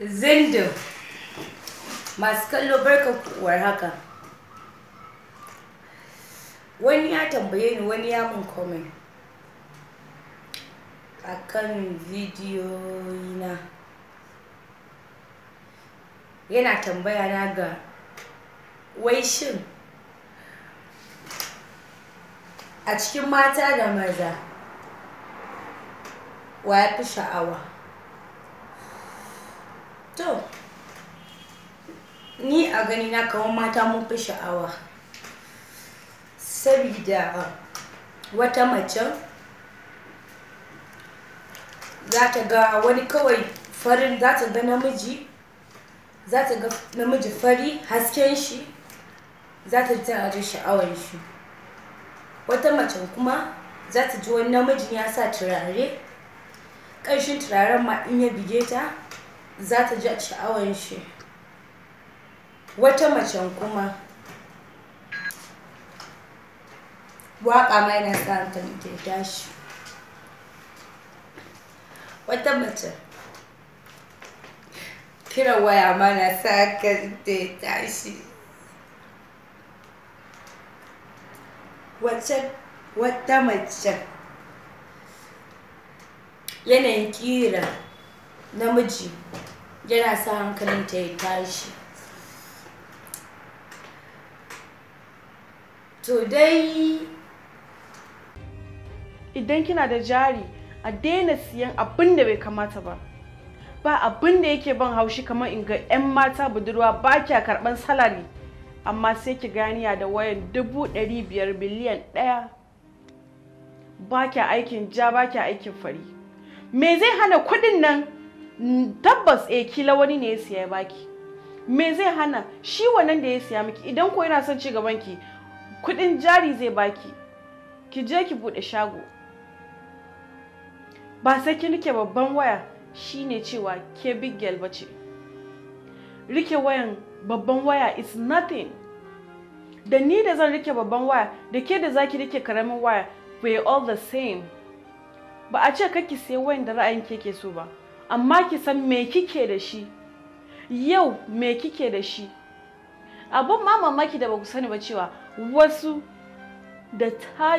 zindin masu kallo barkan kuwar haka wani ya tambaye ni wani ya mun komen a kan na yana tambaya na ga wai shin a cikin mata da maza wa ya fi sha'awa To, ni a gani na kawo mata mun fi sha'awa. Sabida wata macen za ta ga wani kawai farin za ta ga namiji za ta ga namiji fari hasken shi za ta ji tana sha'awar shi wata mace kuma za ta ji wani namijin ya sa turare ƙarshen turaren ma in ya bige ta za ta ji sha'awar shi wata macen kuma waƙa ma yana sa ke ta tashi wata mace kiran waya ma na sa hankali ta tashi wata mace yanayin kira namiji yana sa hankalinta ya tashi to dai idan kina da jari a daina siyan abin da bai kamata ba ba abin da yake ban haushi kamar in ga 'yan mata budurwa ba kya karban salari amma sai ki ganiya da wayan dubu ɗari biyar biliyan ɗaya ba kya aikin ja ba kya aikin fari me zai hana kuɗin nan tabbas eh kila wani ne ya siya baki me zai hana shi wannan da ya siya miki idan ko yana son cigaban ki kudin jari zai baki ki je ki bude shago ba sai ki rike babban waya shine cewa ke big girl bace rike wayan babban waya is nothing da ni da zan rike babban waya da ke da zaki rike karamin waya we all the same ba a ce kake sai wayan da ra'ayin ke ke so ba amma ki san me kike da shi yau me kike da shi abun ma mamaki da ba ku sani ba cewa wasu da ta